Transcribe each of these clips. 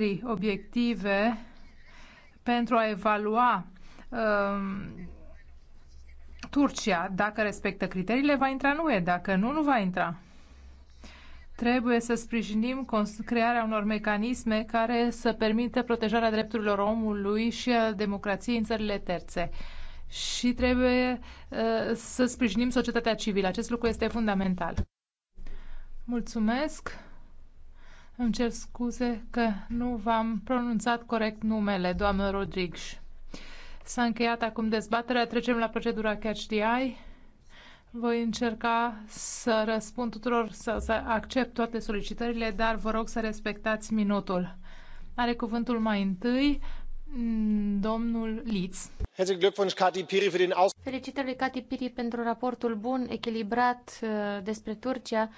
criterii obiective pentru a evalua um, Turcia, dacă respectă criteriile, va intra în UE, dacă nu, nu va intra. Trebuie să sprijinim crearea unor mecanisme care să permită protejarea drepturilor omului și a democrației în țările terțe. Și trebuie uh, să sprijinim societatea civilă. Acest lucru este fundamental. Mulțumesc! Îmi cer scuze că nu v-am pronunțat corect numele, doamnă Rodrigues. S-a încheiat acum dezbaterea. Trecem la procedura Catch the Eye. Voi încerca să răspund tuturor, să, să accept toate solicitările, dar vă rog să respectați minutul. Are cuvântul mai întâi mm, domnul Litz. Felicitări lui Cati Piri pentru raportul bun, echilibrat uh, despre Turcia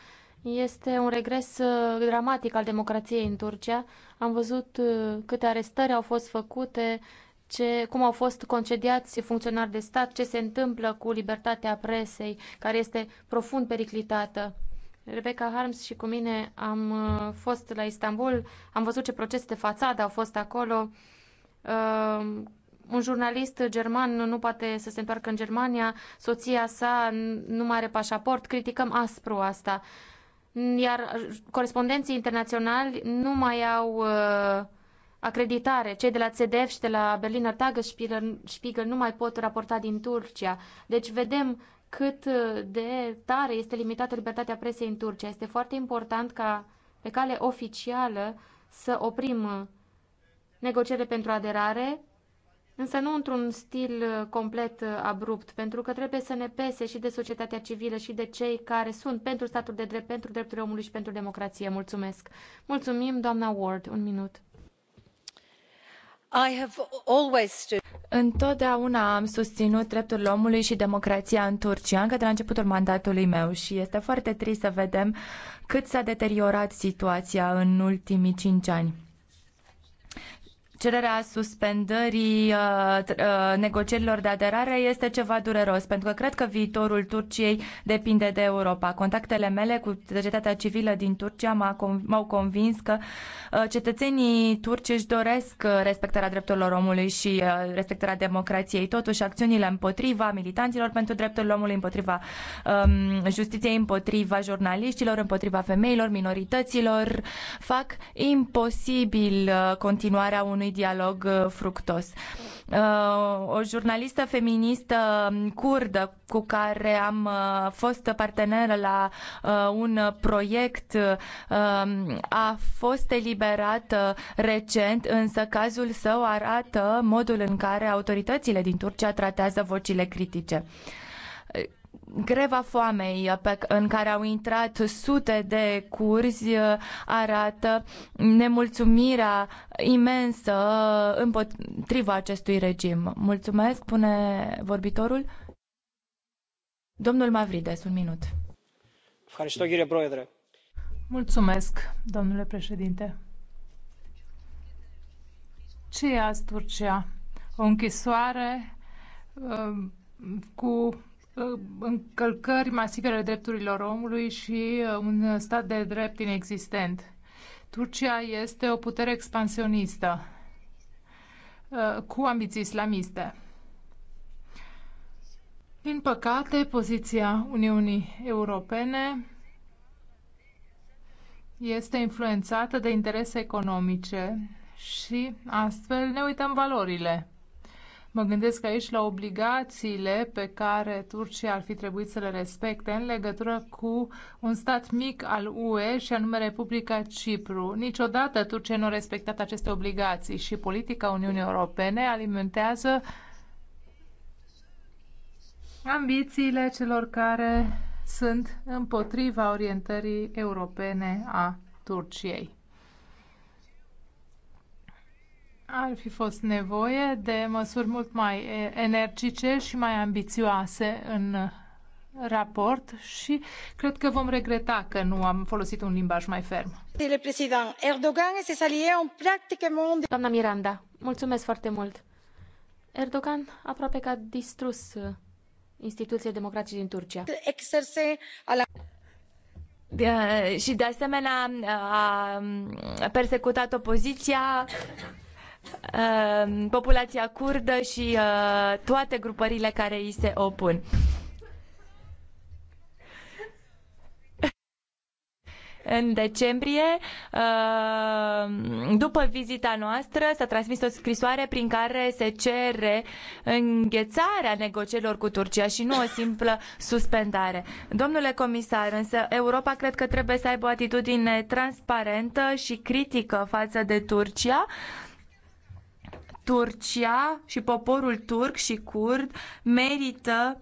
este un regres uh, dramatic al democrației în Turcia. Am văzut uh, câte arestări au fost făcute, ce, cum au fost concediați funcționari de stat, ce se întâmplă cu libertatea presei, care este profund periclitată. Rebecca Harms și cu mine am uh, fost la Istanbul, am văzut ce procese de fațadă au fost acolo. Uh, un jurnalist german nu poate să se întoarcă în Germania, soția sa nu mai are pașaport, criticăm aspru asta. Uh, iar corespondenții internaționali nu mai au uh, acreditare. Cei de la CDF și de la Berliner Tagesspiegel nu mai pot raporta din Turcia. Deci vedem cât uh, de tare este limitată libertatea presei în Turcia. Este foarte important ca pe cale oficială să oprim uh, negocierile pentru aderare însă nu într-un stil uh, complet uh, abrupt, pentru că trebuie să ne pese și de societatea civilă și de cei care sunt pentru statul de drept, pentru drepturile omului și pentru democrație. Mulțumesc! Mulțumim, doamna Ward. Un minut. I have always... Întotdeauna am susținut drepturile omului și democrația în Turcia, încă de la începutul mandatului meu și este foarte trist să vedem cât s-a deteriorat situația în ultimii cinci ani cererea suspendării uh, uh, negocierilor de aderare este ceva dureros, pentru că cred că viitorul Turciei depinde de Europa. Contactele mele cu societatea civilă din Turcia m-au convins că uh, cetățenii turci își doresc respectarea drepturilor omului și respectarea democrației. Totuși, acțiunile împotriva militanților pentru drepturile omului, împotriva um, justiției, împotriva jurnaliștilor, împotriva femeilor, minorităților, fac imposibil continuarea unui dialog uh, fructos. Uh, o jurnalistă feministă um, curdă cu care am uh, fost parteneră la un proiect um, a fost eliberată recent, însă cazul său arată modul în care autoritățile din Turcia tratează vocile critice Greva foamei pe, în care au intrat sute de curzi uh, arată nemulțumirea imensă uh, împotriva acestui regim. Mulțumesc, pune vorbitorul. Domnul Mavrides, un minut. Mulțumesc, domnule președinte. Ce e azi Turcia? O închisoare uh, cu Uh, încălcări masive ale drepturilor omului și uh, un stat de drept inexistent. Turcia este o putere expansionistă uh, cu ambiții islamiste. Din păcate, poziția Uniunii Europene este influențată de interese economice și astfel ne uităm valorile Mă gândesc aici la obligațiile pe care Turcia ar fi trebuit să le respecte în legătură cu un stat mic al UE și anume Republica Cipru. Niciodată Turcia nu a respectat aceste obligații și politica Uniunii Europene alimentează ambițiile celor care sunt împotriva orientării europene a Turciei. ar fi fost nevoie de măsuri mult mai energice și mai ambițioase în uh, raport și cred că vom regreta că nu am folosit un limbaj mai ferm. Doamna Miranda, mulțumesc foarte mult. Erdogan aproape că a distrus uh, instituțiile democratice din Turcia. De, uh, și de asemenea a um, persecutat opoziția, Uh, populația curdă și uh, toate grupările care îi se opun. în decembrie, uh, după vizita noastră, s-a transmis o scrisoare prin care se cere înghețarea negocierilor cu Turcia și nu o simplă suspendare. Domnule comisar, însă Europa cred că trebuie să aibă o atitudine transparentă și critică față de Turcia Turcia și poporul turc și curd merită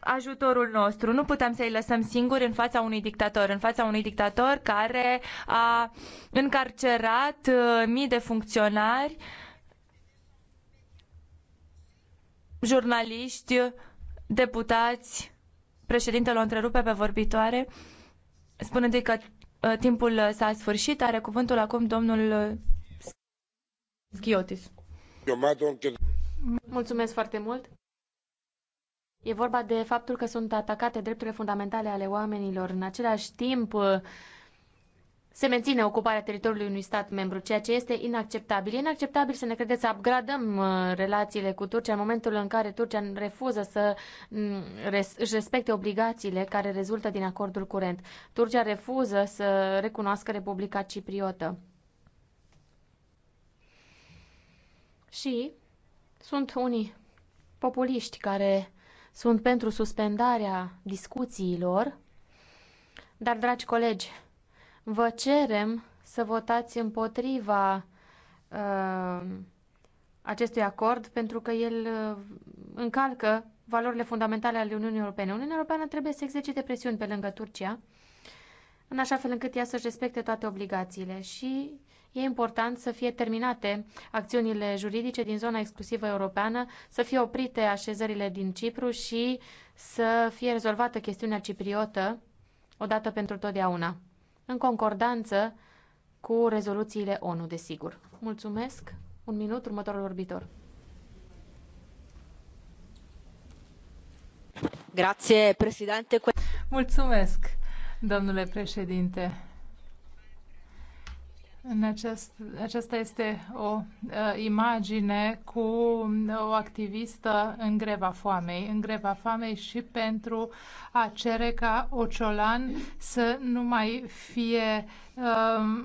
ajutorul nostru. Nu putem să-i lăsăm singuri în fața unui dictator, în fața unui dictator care a încarcerat uh, mii de funcționari, jurnaliști, deputați. Președintele o întrerupe pe vorbitoare, spunându-i că uh, timpul s-a sfârșit. Are cuvântul acum domnul Schiotis. Mulțumesc foarte mult. E vorba de faptul că sunt atacate drepturile fundamentale ale oamenilor. În același timp, se menține ocuparea teritoriului unui stat membru, ceea ce este inacceptabil. E inacceptabil să ne credeți să upgradăm uh, relațiile cu Turcia în momentul în care Turcia refuză să mm, își respecte obligațiile care rezultă din acordul curent. Turcia refuză să recunoască Republica Cipriotă. Și sunt unii populiști care sunt pentru suspendarea discuțiilor, dar, dragi colegi, vă cerem să votați împotriva uh, acestui acord pentru că el uh, încalcă valorile fundamentale ale Uniunii Europene. Uniunea Europeană trebuie să exercite presiuni pe lângă Turcia, în așa fel încât ea să-și respecte toate obligațiile și e important să fie terminate acțiunile juridice din zona exclusivă europeană, să fie oprite așezările din Cipru și să fie rezolvată chestiunea cipriotă odată pentru totdeauna, în concordanță cu rezoluțiile ONU, desigur. Mulțumesc. Un minut, următorul orbitor. Grazie, președinte. Mulțumesc, domnule președinte. În acest, aceasta este o uh, imagine cu o activistă în greva foamei, în greva foamei și pentru a cere ca Ociolan să nu mai fie uh,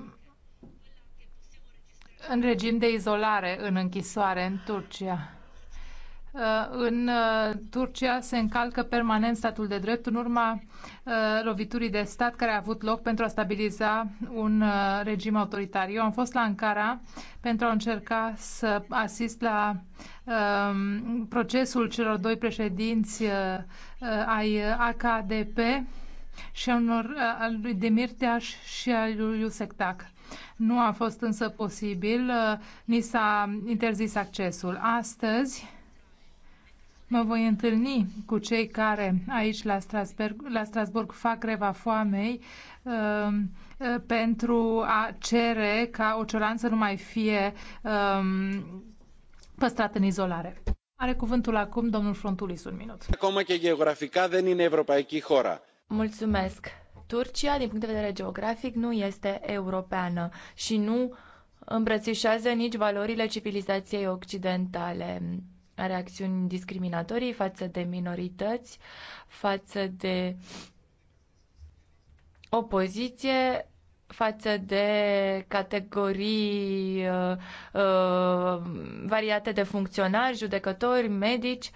în regim de izolare în închisoare în Turcia. Uh, în uh, Turcia se încalcă permanent statul de drept în urma uh, loviturii de stat care a avut loc pentru a stabiliza un regim autoritar. Eu am fost la Ankara pentru a încerca să asist la um, procesul celor doi președinți ai AKDP și a unor, al lui Demirteaș și al lui Iusek Tak. Nu a fost însă posibil, ni s-a interzis accesul. Astăzi, Mă voi întâlni cu cei care aici la Strasburg, la Strasburg fac greva foamei um, uh, pentru a cere ca Ociolan să nu mai fie uh, păstrat în izolare. Are cuvântul acum domnul Frontulis, un minut. Acum Mulțumesc. Turcia, din punct de vedere geografic, nu este europeană și nu îmbrățișează nici valorile civilizației occidentale are acțiuni discriminatorii față de minorități, față de opoziție, față de categorii uh, uh, variate de funcționari, judecători, medici. Uh,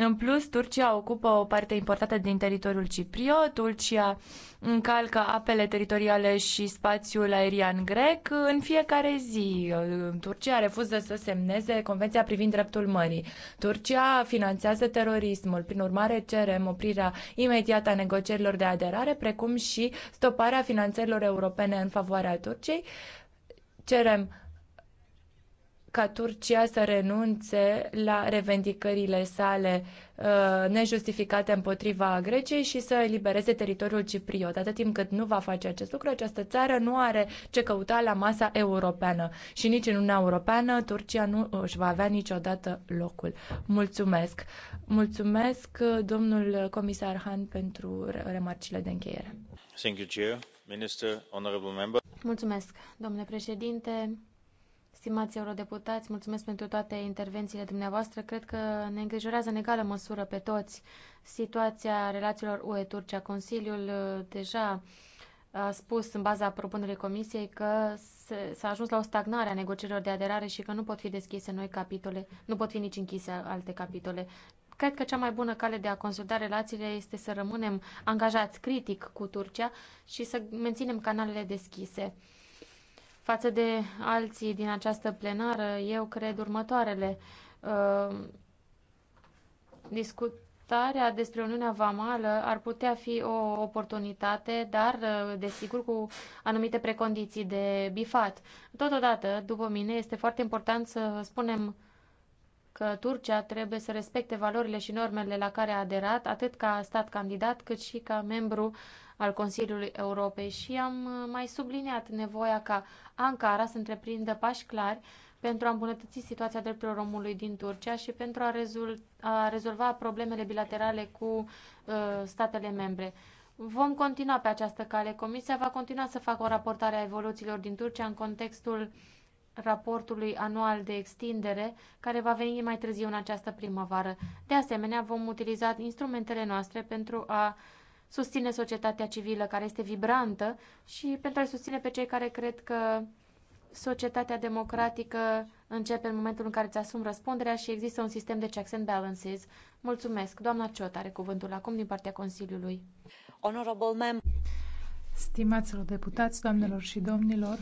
în plus, Turcia ocupă o parte importantă din teritoriul cipriot, Turcia încalcă apele teritoriale și spațiul aerian grec în fiecare zi. Uh, Turcia refuză să semneze Convenția privind dreptul mării. Turcia finanțează terorismul. Prin urmare, cerem oprirea imediată a negocierilor de aderare, precum și stoparea finanțărilor europene în favoarea Turciei. Cerem ca Turcia să renunțe la revendicările sale uh, nejustificate împotriva Greciei și să elibereze teritoriul cipriot. Atât timp cât nu va face acest lucru, această țară nu are ce căuta la masa europeană și nici în Uniunea Europeană Turcia nu uh, își va avea niciodată locul. Mulțumesc! Mulțumesc, uh, domnul comisar Han, pentru remarcile de încheiere. Thank you, Chair. Minister, honorable member. Mulțumesc, domnule președinte, Stimați eurodeputați, mulțumesc pentru toate intervențiile dumneavoastră. Cred că ne îngrijorează în egală măsură pe toți situația relațiilor UE-Turcia. Consiliul uh, deja a spus în baza propunerii Comisiei că s-a ajuns la o stagnare a negocierilor de aderare și că nu pot fi deschise noi capitole, nu pot fi nici închise alte capitole. Cred că cea mai bună cale de a consolida relațiile este să rămânem angajați critic cu Turcia și să menținem canalele deschise. Față de alții din această plenară, eu cred următoarele. Uh, discutarea despre Uniunea Vamală ar putea fi o oportunitate, dar, uh, desigur, cu anumite precondiții de bifat. Totodată, după mine, este foarte important să spunem că Turcia trebuie să respecte valorile și normele la care a aderat, atât ca stat candidat, cât și ca membru al Consiliului Europei și am uh, mai subliniat nevoia ca Ankara să întreprindă pași clari pentru a îmbunătăți situația drepturilor omului din Turcia și pentru a, rezol- a rezolva problemele bilaterale cu uh, statele membre. Vom continua pe această cale. Comisia va continua să facă o raportare a evoluțiilor din Turcia în contextul raportului anual de extindere, care va veni mai târziu în această primăvară. De asemenea, vom utiliza instrumentele noastre pentru a uh, susține societatea civilă care este vibrantă și pentru a susține pe cei care cred că societatea democratică începe în momentul în care îți asumi răspunderea și există un sistem de checks and balances. Mulțumesc. Doamna Ciot are cuvântul acum din partea Consiliului. Honorable Mem. Stimaților deputați, doamnelor și domnilor,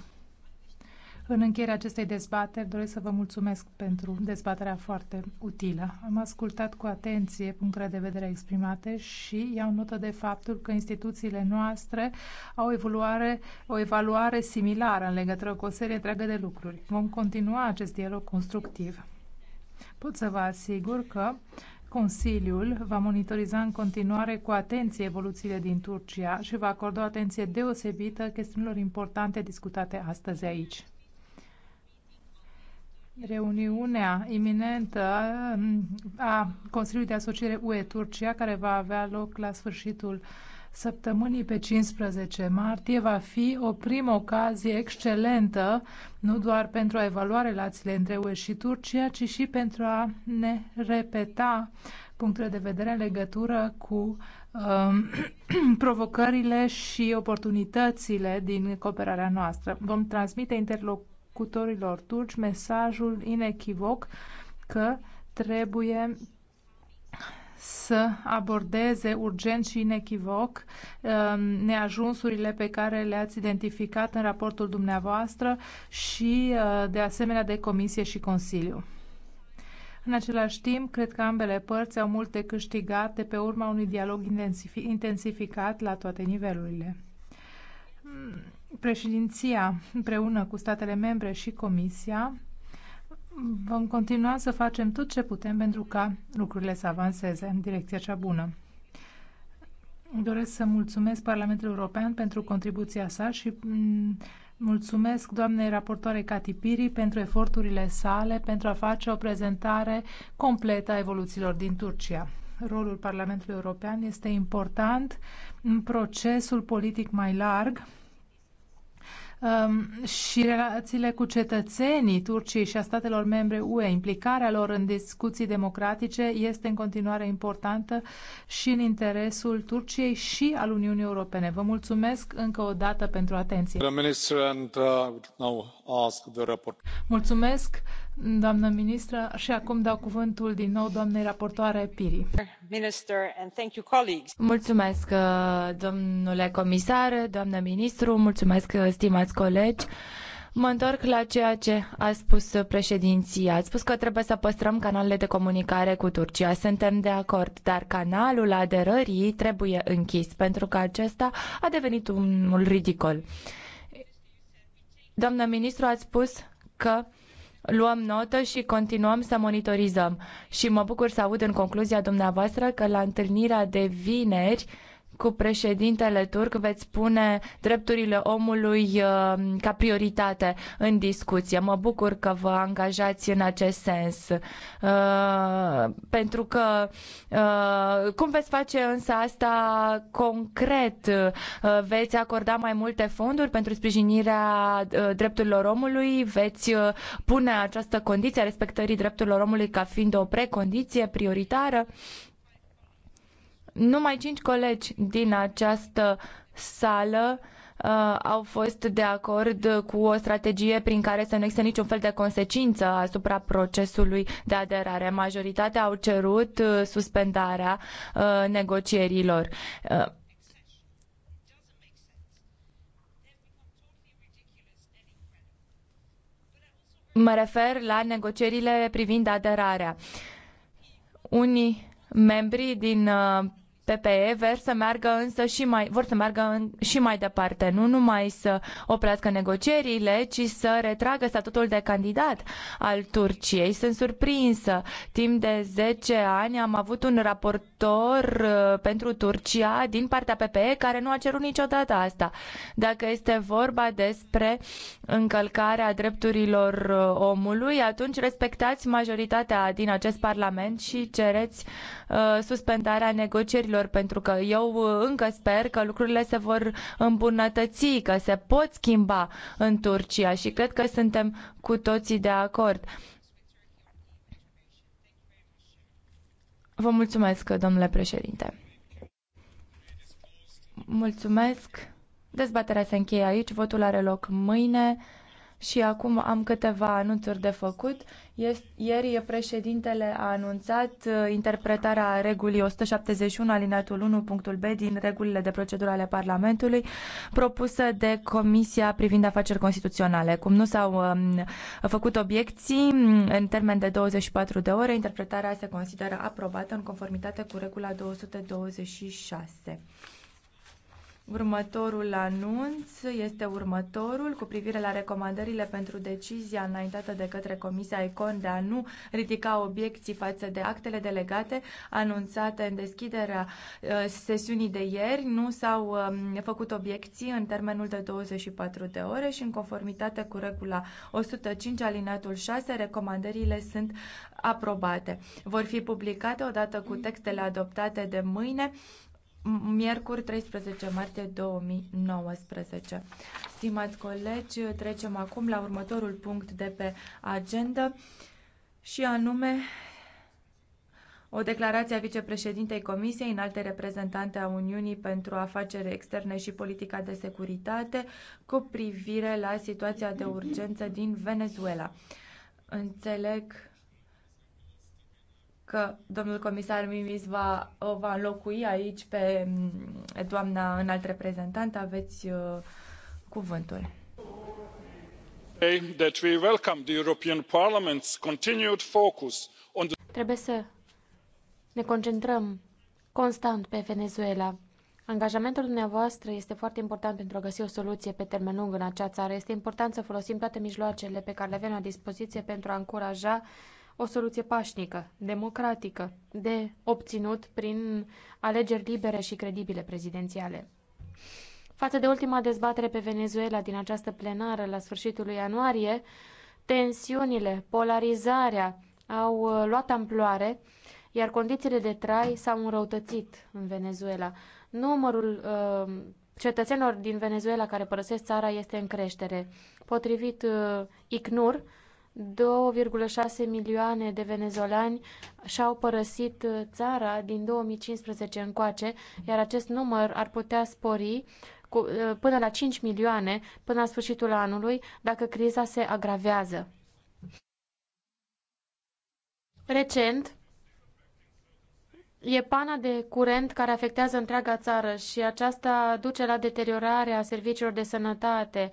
în încheierea acestei dezbateri doresc să vă mulțumesc pentru dezbaterea foarte utilă. Am ascultat cu atenție punctele de vedere exprimate și iau notă de faptul că instituțiile noastre au evoluare, o evaluare similară în legătură cu o serie întreagă de lucruri. Vom continua acest dialog constructiv. Pot să vă asigur că Consiliul va monitoriza în continuare cu atenție evoluțiile din Turcia și va acorda o atenție deosebită chestiunilor importante discutate astăzi aici reuniunea iminentă um, a Consiliului de Asociere UE-Turcia, care va avea loc la sfârșitul săptămânii pe 15 martie, va fi o primă ocazie excelentă, nu doar pentru a evalua relațiile între UE și Turcia, ci și pentru a ne repeta punctele de vedere în legătură cu um, provocările și oportunitățile din cooperarea noastră. Vom transmite interlocutorii executorilor turci mesajul inechivoc că trebuie să abordeze urgent și inechivoc um, neajunsurile pe care le-ați identificat în raportul dumneavoastră și, uh, de asemenea, de Comisie și Consiliu. În același timp, cred că ambele părți au multe câștigate pe urma unui dialog intensificat la toate nivelurile Președinția, împreună cu statele membre și Comisia, vom continua să facem tot ce putem pentru ca lucrurile să avanseze în direcția cea bună. Doresc să mulțumesc Parlamentul European pentru contribuția sa și mm, mulțumesc doamnei raportoare Piri pentru eforturile sale pentru a face o prezentare completă a evoluțiilor din Turcia. Rolul Parlamentului European este important în procesul politic mai larg Um, și relațiile cu cetățenii Turciei și a statelor membre UE. Implicarea lor în discuții democratice este în continuare importantă și în interesul Turciei și al Uniunii Europene. Vă mulțumesc încă o dată pentru atenție. Uh, mulțumesc doamnă ministră și acum dau cuvântul din nou doamnei raportoare piri. Mulțumesc, uh, domnule comisar, doamnă ministru, mulțumesc, uh, stimați colegi. Mă întorc la ceea ce a spus președinția. A spus că trebuie să păstrăm canalele de comunicare cu Turcia. Suntem de acord, dar canalul aderării trebuie închis pentru că acesta a devenit unul ridicol. Doamnă ministru, ați spus că luăm notă și continuăm să monitorizăm. Și mă bucur să aud în concluzia dumneavoastră că la întâlnirea de vineri cu președintele turc veți pune drepturile omului uh, ca prioritate în discuție. Mă bucur că vă angajați în acest sens. Uh, pentru că uh, cum veți face însă asta concret? Veți acorda mai multe fonduri pentru sprijinirea drepturilor omului? Veți pune această condiție a respectării drepturilor omului ca fiind o precondiție prioritară? Numai cinci colegi din această sală uh, au fost de acord cu o strategie prin care să nu există niciun fel de consecință asupra procesului de aderare. Majoritatea au cerut uh, suspendarea uh, negocierilor. Uh, mă refer la negocierile privind aderarea. Unii membri din uh, PPE vor să meargă însă și mai, vor să meargă în, și mai departe, nu numai să oprească negocierile, ci să retragă statutul de candidat al Turciei. Sunt surprinsă. Timp de 10 ani am avut un raportor uh, pentru Turcia din partea PPE care nu a cerut niciodată asta. Dacă este vorba despre încălcarea drepturilor uh, omului, atunci respectați majoritatea din acest parlament și cereți uh, suspendarea negocierilor oamenilor, pentru că eu uh, încă sper că lucrurile se vor îmbunătăți, că se pot schimba în Turcia și cred că suntem cu toții de acord. Vă mulțumesc, domnule președinte. Mulțumesc. Dezbaterea se încheie aici. Votul are loc mâine. Și acum am câteva anunțuri de făcut. Ieri președintele a anunțat uh, interpretarea regulii 171 alineatul 1 punctul B din regulile de procedură ale Parlamentului propusă de Comisia privind afaceri constituționale. Cum nu s-au um, făcut obiecții, mm, în termen de 24 de ore, interpretarea se consideră aprobată în conformitate cu regula 226. Următorul anunț este următorul cu privire la recomandările pentru decizia înaintată de către Comisia ICON de a nu ridica obiecții față de actele delegate anunțate în deschiderea uh, sesiunii de ieri. Nu s-au um, făcut obiecții în termenul de 24 de ore și în conformitate cu regula 105 alinatul 6, recomandările sunt aprobate. Vor fi publicate odată cu textele adoptate de mâine miercuri 13 martie 2019. Stimați colegi, trecem acum la următorul punct de pe agenda și anume o declarație a vicepreședintei Comisiei, înalte reprezentante a Uniunii pentru afaceri externe și politica de securitate, cu privire la situația de urgență din Venezuela. Înțeleg că domnul comisar Mimis va, o va înlocui aici pe mm, doamna înalt reprezentant. Aveți uh, cuvântul. That we welcome the European Parliament's continued focus on the... Trebuie să ne concentrăm constant pe Venezuela. Angajamentul dumneavoastră este foarte important pentru a găsi o soluție pe termen lung în acea țară. Este important să folosim toate mijloacele pe care le avem la dispoziție pentru a încuraja uh, o soluție pașnică, democratică, de obținut prin alegeri libere și credibile prezidențiale. Față de ultima dezbatere pe Venezuela din această plenară la sfârșitul lui ianuarie, tensiunile, polarizarea au uh, luat amploare, iar condițiile de trai s-au înrăutățit în Venezuela. Numărul uh, cetățenilor din Venezuela care părăsesc țara este în creștere. Potrivit uh, ICNUR, 2,6 milioane de venezolani și-au părăsit uh, țara din 2015 încoace, iar acest număr ar putea spori cu, uh, până la 5 milioane până la sfârșitul anului, dacă criza se agravează. Recent, e pana de curent care afectează întreaga țară și aceasta duce la deteriorarea serviciilor de sănătate,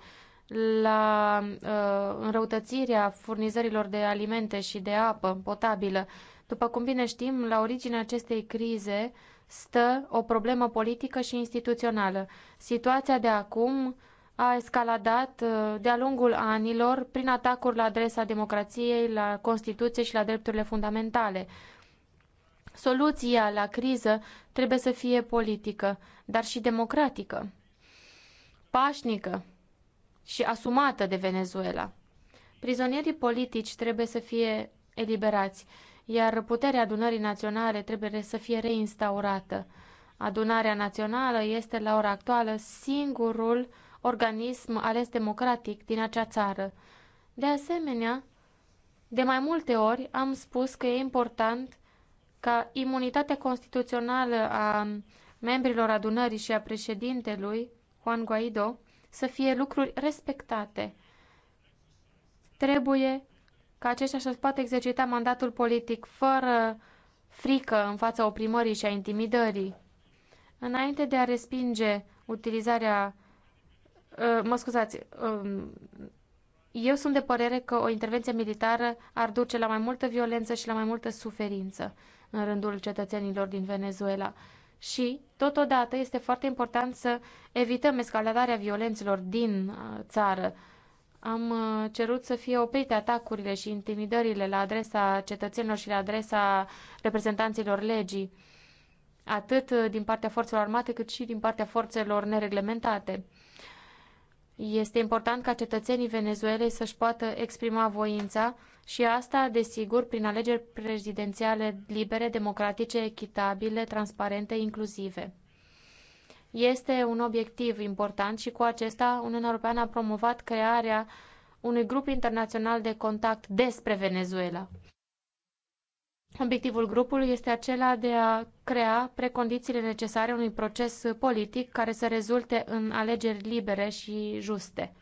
la uh, înrăutățirea furnizărilor de alimente și de apă potabilă. După cum bine știm, la originea acestei crize stă o problemă politică și instituțională. Situația de acum a escaladat uh, de-a lungul anilor prin atacuri la adresa democrației, la Constituție și la drepturile fundamentale. Soluția la criză trebuie să fie politică, dar și democratică, pașnică, și asumată de Venezuela. Prizonierii politici trebuie să fie eliberați, iar puterea adunării naționale trebuie să fie reinstaurată. Adunarea națională este la ora actuală singurul organism ales democratic din acea țară. De asemenea, de mai multe ori am spus că e important ca imunitatea constituțională a membrilor adunării și a președintelui Juan Guaido să fie lucruri respectate. Trebuie ca aceștia să-și poată exercita mandatul politic fără frică în fața oprimării și a intimidării. Înainte de a respinge utilizarea uh, mă scuzați, um, eu sunt de părere că o intervenție militară ar duce la mai multă violență și la mai multă suferință în rândul cetățenilor din Venezuela și, totodată, este foarte important să evităm escaladarea violențelor din uh, țară. Am uh, cerut să fie oprite atacurile și intimidările la adresa cetățenilor și la adresa reprezentanților legii, atât uh, din partea forțelor armate cât și din partea forțelor nereglementate. Este important ca cetățenii Venezuelei să-și poată exprima voința și asta, desigur, prin alegeri prezidențiale libere, democratice, echitabile, transparente, inclusive. Este un obiectiv important și cu acesta Uniunea Europeană a promovat crearea unui grup internațional de contact despre Venezuela. Obiectivul grupului este acela de a crea precondițiile necesare unui proces politic care să rezulte în alegeri libere și juste.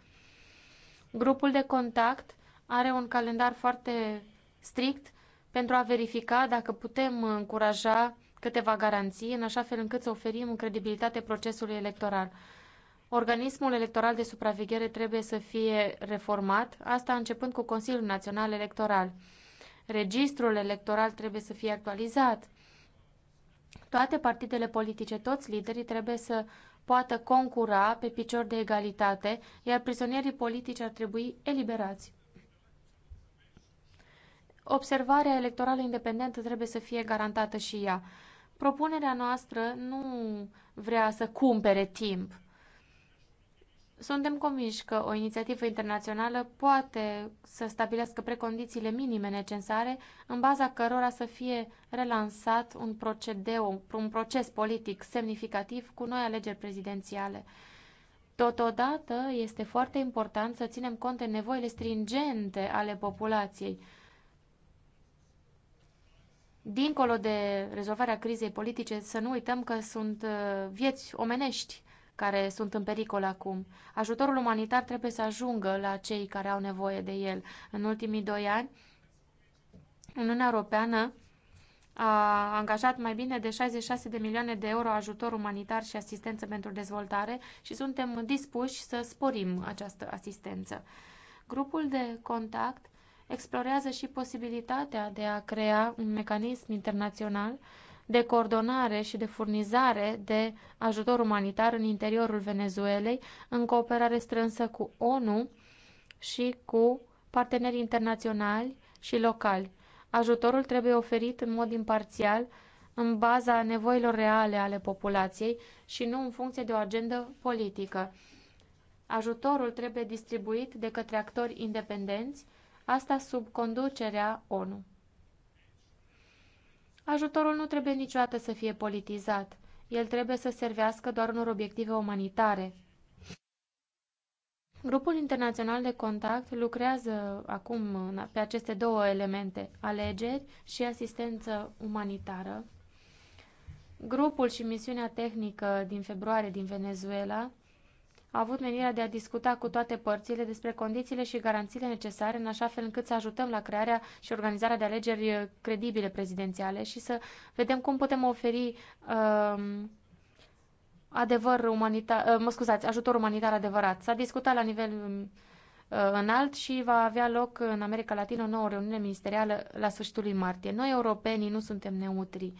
Grupul de contact are un calendar foarte strict pentru a verifica dacă putem încuraja câteva garanții, în așa fel încât să oferim credibilitate procesului electoral. Organismul electoral de supraveghere trebuie să fie reformat, asta începând cu Consiliul Național Electoral. Registrul electoral trebuie să fie actualizat. Toate partidele politice, toți liderii trebuie să poată concura pe picior de egalitate, iar prizonierii politici ar trebui eliberați. Observarea electorală independentă trebuie să fie garantată și ea. Propunerea noastră nu vrea să cumpere timp. Suntem convinși că o inițiativă internațională poate să stabilească precondițiile minime necesare în baza cărora să fie relansat un procedeu, un proces politic semnificativ cu noi alegeri prezidențiale. Totodată este foarte important să ținem cont de nevoile stringente ale populației, dincolo de rezolvarea crizei politice, să nu uităm că sunt uh, vieți omenești care sunt în pericol acum. Ajutorul umanitar trebuie să ajungă la cei care au nevoie de el. În ultimii doi ani, Uniunea Europeană a angajat mai bine de 66 de milioane de euro ajutor umanitar și asistență pentru dezvoltare și suntem dispuși să sporim această asistență. Grupul de contact explorează și posibilitatea de a crea un mecanism internațional de coordonare și de furnizare de ajutor umanitar în interiorul Venezuelei, în cooperare strânsă cu ONU și cu partenerii internaționali și locali. Ajutorul trebuie oferit în mod imparțial, în baza nevoilor reale ale populației și nu în funcție de o agendă politică. Ajutorul trebuie distribuit de către actori independenți asta sub conducerea ONU. Ajutorul nu trebuie niciodată să fie politizat. El trebuie să servească doar unor obiective umanitare. Grupul internațional de contact lucrează acum pe aceste două elemente, alegeri și asistență umanitară. Grupul și misiunea tehnică din februarie din Venezuela a avut menirea de a discuta cu toate părțile despre condițiile și garanțiile necesare în așa fel încât să ajutăm la crearea și organizarea de alegeri credibile prezidențiale și să vedem cum putem oferi uh, adevăr umanitar, uh, mă scuzați, ajutor umanitar adevărat. S-a discutat la nivel um, uh, înalt și va avea loc în America Latină o nouă reuniune ministerială la sfârșitul lui martie. Noi, europenii, nu suntem neutri.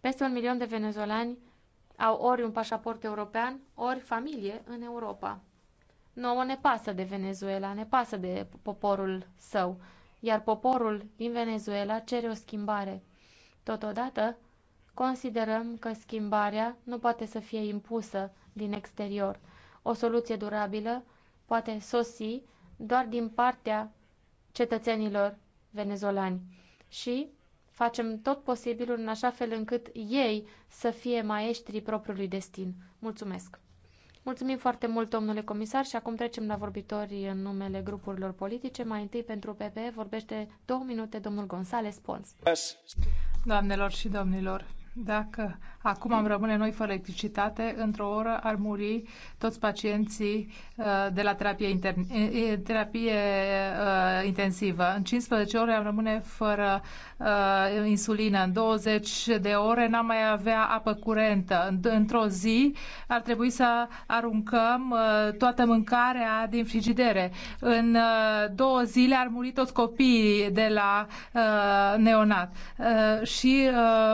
Peste un milion de venezuelani au ori un pașaport european, ori familie în Europa. Nouă ne pasă de Venezuela, ne pasă de poporul său, iar poporul din Venezuela cere o schimbare. Totodată, considerăm că schimbarea nu poate să fie impusă din exterior. O soluție durabilă poate sosi doar din partea cetățenilor venezolani și facem tot posibilul în așa fel încât ei să fie maestrii propriului destin. Mulțumesc! Mulțumim foarte mult, domnule comisar, și acum trecem la vorbitorii în numele grupurilor politice. Mai întâi, pentru PP vorbește două minute domnul González Pons. Doamnelor și domnilor, dacă Acum am rămâne noi fără electricitate. Într-o oră ar muri toți pacienții uh, de la terapie, intern- terapie uh, intensivă. În 15 ore am rămâne fără uh, insulină. În 20 de ore n-am mai avea apă curentă. Într-o zi ar trebui să aruncăm toată mâncarea din frigidere. În două zile ar muri toți copiii de la neonat. Și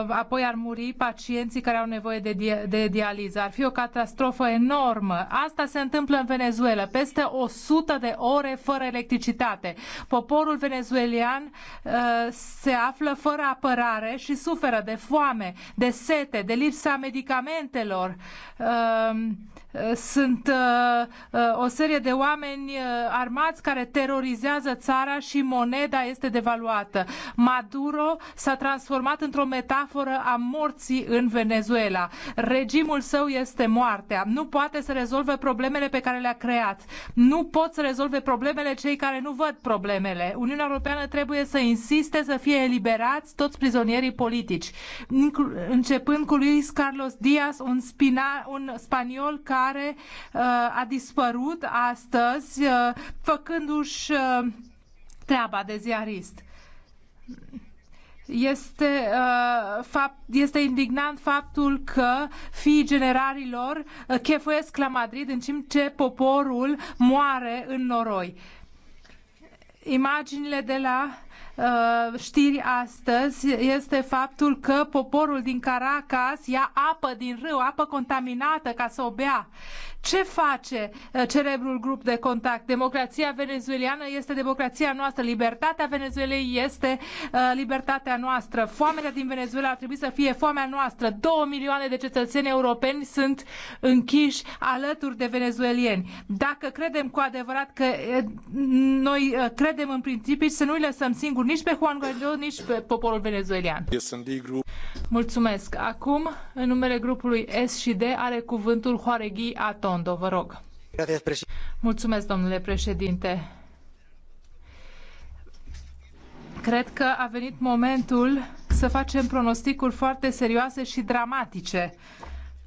apoi ar muri pacienții pacienții care au nevoie de, dia- de dializă. Ar fi o catastrofă enormă. Asta se întâmplă în Venezuela. Peste 100 de ore fără electricitate. Poporul venezuelian uh, se află fără apărare și suferă de foame, de sete, de lipsa medicamentelor. Uh, sunt uh, uh o serie de oameni uh, armați care terorizează țara și moneda este devaluată. Maduro s-a transformat într-o metaforă a morții în Venezuela. Venezuela. Regimul său este moartea. Nu poate să rezolve problemele pe care le-a creat. Nu pot să rezolve problemele cei care nu văd problemele. Uniunea Europeană trebuie să insiste să fie eliberați toți prizonierii politici, începând cu Luis Carlos Diaz, un, spina, un spaniol care uh, a dispărut astăzi, uh, făcându-și uh, treaba de ziarist. Este, uh, fapt, este indignant faptul că fiii generalilor uh, chefuiesc la Madrid în timp ce poporul moare în noroi. Imaginile de la uh, știri astăzi este faptul că poporul din Caracas ia apă din râu, apă contaminată ca să o bea. Ce face uh, celebrul grup de contact? Democrația venezueliană este democrația noastră, libertatea Venezuelei este uh, libertatea noastră. Foamea din Venezuela ar trebui să fie foamea noastră. Două milioane de cetățeni europeni sunt închiși alături de venezuelieni. Dacă credem cu adevărat că noi uh, credem în principii să nu îi lăsăm singuri nici pe Juan Guaido, nici pe poporul venezuelian. Mulțumesc. Acum, în numele grupului S și D, are cuvântul Hoareghi Atom. Redondo, vă rog. Mulțumesc, domnule președinte. Cred că a venit momentul să facem pronosticuri foarte serioase și dramatice.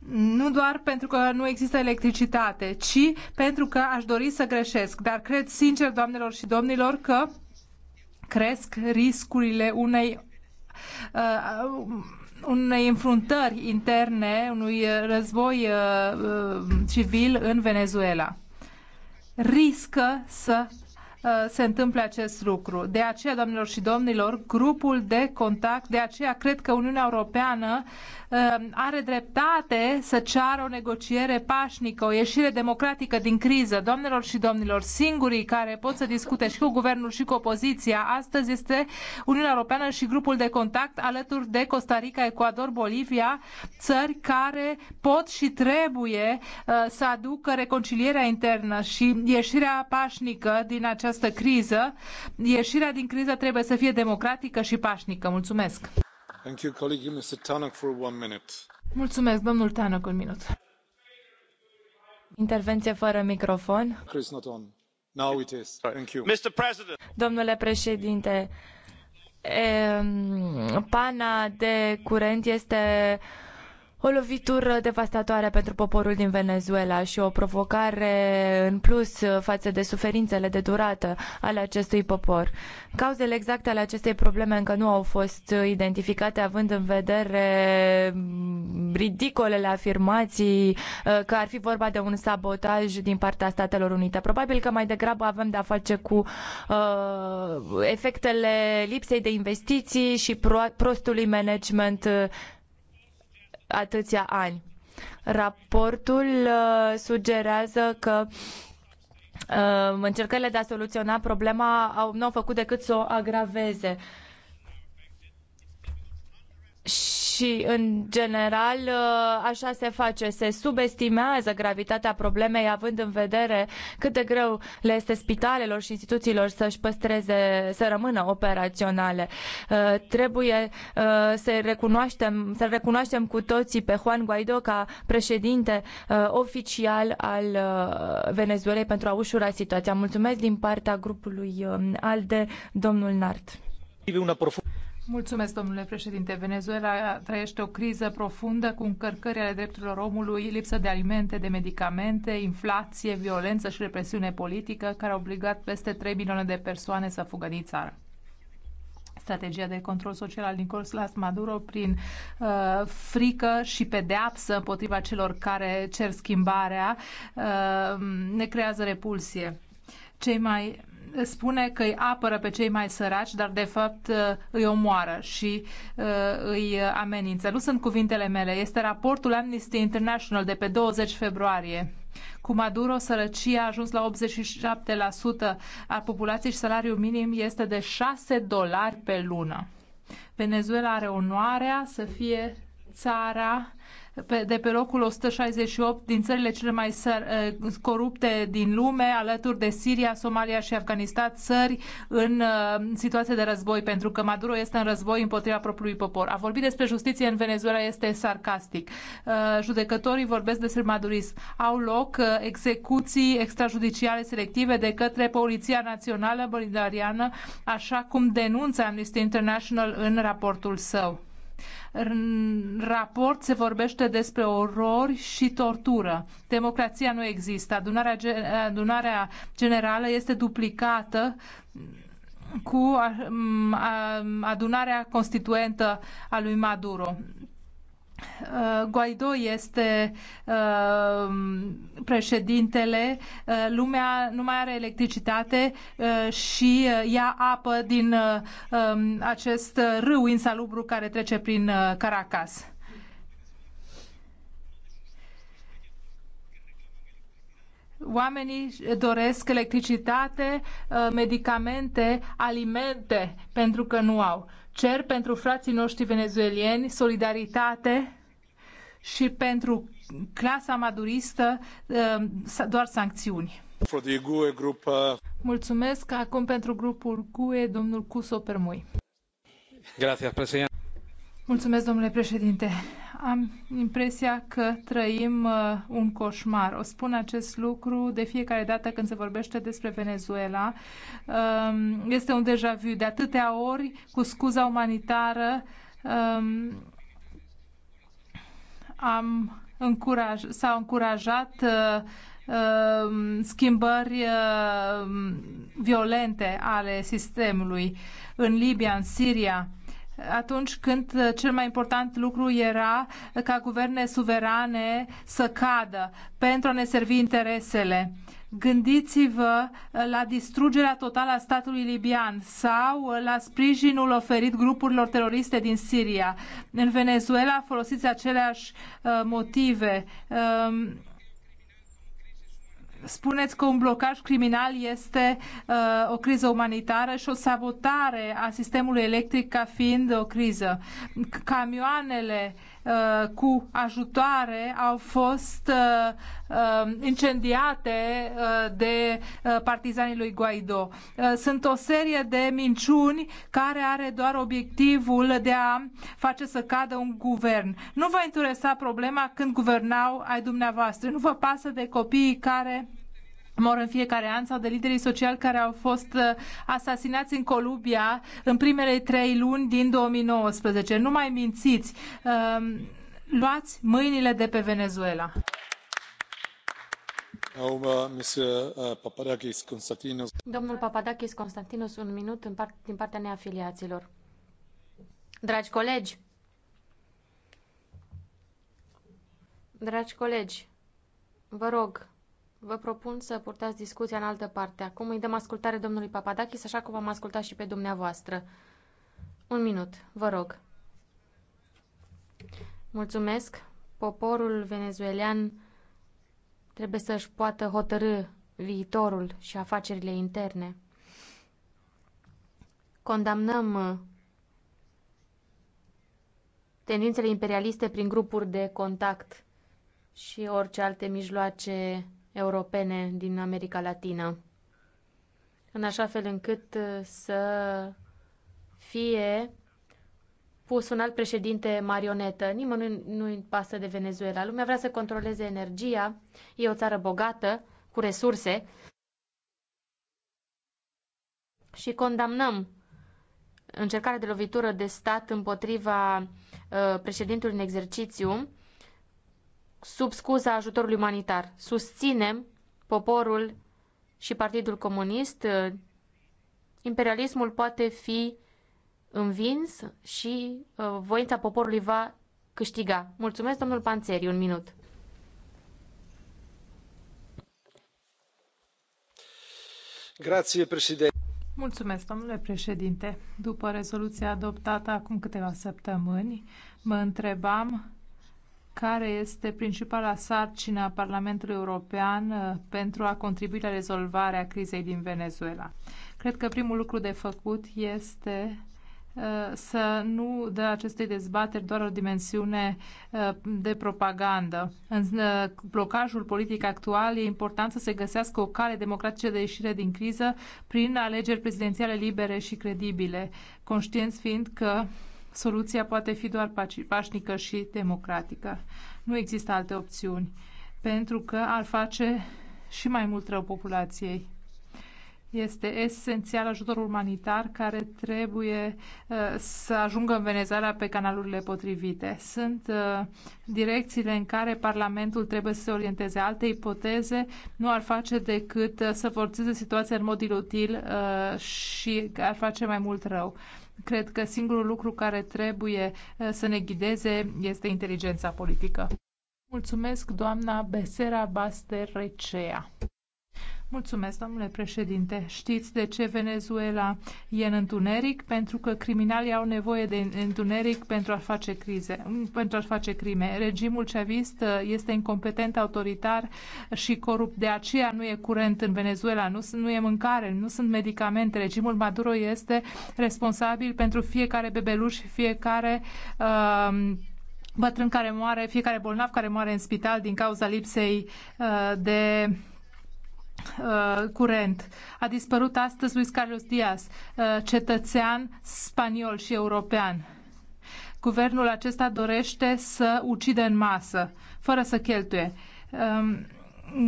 Nu doar pentru că nu există electricitate, ci pentru că aș dori să greșesc. Dar cred sincer, doamnelor și domnilor, că cresc riscurile unei uh, unei înfruntări interne, unui uh, război uh, uh, civil în Venezuela riscă să Uh, se întâmple acest lucru. De aceea, doamnelor și domnilor, grupul de contact, de aceea cred că Uniunea Europeană uh, are dreptate să ceară o negociere pașnică, o ieșire democratică din criză. Doamnelor și domnilor, singurii care pot să discute și cu guvernul și cu opoziția astăzi este Uniunea Europeană și grupul de contact alături de Costa Rica, Ecuador, Bolivia, țări care pot și trebuie uh, să aducă reconcilierea internă și ieșirea pașnică din această această criză. Ieșirea din criză trebuie să fie democratică și pașnică. Mulțumesc! Thank you, colleague, Mr. for one minute. Mulțumesc, domnul Tannock, un minut. Intervenție fără microfon. Chris, not on. Now it is. Thank you. Mr. President. Domnule președinte, pana de curent este o lovitură devastatoare pentru poporul din Venezuela și o provocare în plus față de suferințele de durată ale acestui popor. Cauzele exacte ale acestei probleme încă nu au fost identificate, având în vedere ridicolele afirmații uh, că ar fi vorba de un sabotaj din partea Statelor Unite. Probabil că mai degrabă avem de-a face cu uh, efectele lipsei de investiții și pro- prostului management uh, atâția ani. Raportul uh, sugerează că uh, încercările de a soluționa problema nu au făcut decât să o agraveze. Și, în general, ă, așa se face. Se subestimează gravitatea problemei, având în vedere cât de greu le este spitalelor și instituțiilor să-și păstreze, să rămână operaționale. Ă, trebuie ă, să recunoaștem, să recunoaștem cu toții pe Juan Guaido ca președinte oficial al Venezuelei pentru a ușura situația. Mulțumesc din partea grupului ALDE, domnul Nart. Mulțumesc, domnule președinte. Venezuela trăiește o criză profundă cu încărcări ale drepturilor omului, lipsă de alimente, de medicamente, inflație, violență și represiune politică, care au obligat peste 3 milioane de persoane să fugă din țară strategia de control social al Nicolas Maduro prin uh, frică și pedeapsă împotriva celor care cer schimbarea uh, ne creează repulsie. Cei mai spune că îi apără pe cei mai săraci, dar de fapt uh, îi omoară și uh, îi amenință. Nu sunt cuvintele mele, este raportul Amnesty International de pe 20 februarie. Cu Maduro, sărăcia a ajuns la 87% a populației și salariul minim este de 6 dolari pe lună. Venezuela are onoarea să fie țara pe, de pe locul 168 din țările cele mai săr, eh, corupte din lume, alături de Siria, Somalia și Afganistan, țări în uh, situație de război, pentru că Maduro este în război împotriva propriului popor. A vorbi despre justiție în Venezuela este sarcastic. Uh, judecătorii vorbesc despre madurism. Au loc uh, execuții extrajudiciale selective de către Poliția Națională Bolivariană, așa cum denunță Amnesty International în raportul său. În raport se vorbește despre orori și tortură. Democrația nu există. Adunarea, adunarea generală este duplicată cu adunarea constituentă a lui Maduro. Uh, Guaido este uh, președintele, uh, lumea nu mai are electricitate uh, și uh, ia apă din uh, um, acest râu insalubru care trece prin uh, Caracas. Oamenii doresc electricitate, uh, medicamente, alimente, pentru că nu au. Cer pentru frații noștri venezuelieni solidaritate și pentru clasa maduristă uh, doar sancțiuni. Group, uh... Mulțumesc. Acum pentru grupul GUE, domnul Cuso Permui. Gracias, Mulțumesc, domnule președinte am impresia că trăim uh, un coșmar. O spun acest lucru de fiecare dată când se vorbește despre Venezuela. Uh, este un deja vu de atâtea ori cu scuza umanitară. Uh, am încuraj, s-au încurajat uh, uh, schimbări uh, violente ale sistemului în Libia, în Siria atunci când uh, cel mai important lucru era ca guverne suverane să cadă pentru a ne servi interesele. Gândiți-vă uh, la distrugerea totală a statului libian sau uh, la sprijinul oferit grupurilor teroriste din Siria. În Venezuela folosiți aceleași motive. Um, spuneți că un blocaj criminal este uh, o criză umanitară și o sabotare a sistemului electric ca fiind o criză. Camioanele uh, Uh, cu ajutoare au fost uh, uh, incendiate de partizanii lui Guaido. Sunt o serie de minciuni care are doar obiectivul de a face să cadă un guvern. Nu vă interesa problema când guvernau ai dumneavoastră. Nu vă pasă de copiii care mor în fiecare an sau de liderii sociali care au fost uh, asasinați în Columbia în primele trei luni din 2019. Nu mai mințiți! Um, luați mâinile de pe Venezuela! Uh, Domnul Papadakis Constantinos, un minut din partea neafiliaților. Dragi colegi, dragi colegi, vă rog, Vă propun să purtați discuția în altă parte. Acum îi dăm ascultare domnului Papadakis, așa cum am ascultat și pe dumneavoastră. Un minut, vă rog. Mulțumesc. Poporul venezuelian trebuie să-și poată hotărâ viitorul și afacerile interne. Condamnăm uh, tendințele imperialiste prin grupuri de contact și orice alte mijloace europene din America Latină, în așa fel încât uh, să fie pus un alt președinte marionetă. Nimănui nu-i pasă de Venezuela. Lumea vrea să controleze energia. E o țară bogată, cu resurse. Și condamnăm încercarea de lovitură de stat împotriva uh, președintului în exercițiu sub scuza ajutorului umanitar. Susținem poporul și Partidul Comunist. Imperialismul poate fi învins și uh, voința poporului va câștiga. Mulțumesc, domnul Panțeri, un minut. Mulțumesc, domnule președinte. După rezoluția adoptată acum câteva săptămâni, mă întrebam care este principala sarcină a Parlamentului European uh, pentru a contribui la rezolvarea crizei din Venezuela. Cred că primul lucru de făcut este uh, să nu dă acestei dezbateri doar o dimensiune uh, de propagandă. În blocajul politic actual e important să se găsească o cale democratică de ieșire din criză prin alegeri prezidențiale libere și credibile, conștienți fiind că Soluția poate fi doar pașnică și democratică. Nu există alte opțiuni, pentru că ar face și mai mult rău populației. Este esențial ajutorul umanitar care trebuie uh, să ajungă în Venezuela pe canalurile potrivite. Sunt uh, direcțiile în care Parlamentul trebuie să se orienteze. Alte ipoteze nu ar face decât uh, să forțeze situația în mod inutil uh, și ar face mai mult rău. Uh, Cred că singurul lucru care trebuie uh, să ne ghideze este inteligența politică. Mulțumesc, doamna Besera Baster Recea. Mulțumesc, domnule președinte. Știți de ce Venezuela e în întuneric? Pentru că criminalii au nevoie de întuneric pentru a face crize, pentru a face crime. Regimul chavist uh, este incompetent, autoritar și corupt. De aceea nu e curent în Venezuela, nu, nu e mâncare, nu sunt medicamente. Regimul Maduro este responsabil pentru fiecare bebeluș și fiecare uh, bătrân care moare, fiecare bolnav care moare în spital din cauza lipsei uh, de Uh, curent. A dispărut astăzi Luis Carlos Diaz, uh, cetățean spaniol și european. Guvernul acesta dorește să ucide în masă, fără să cheltuie. Um,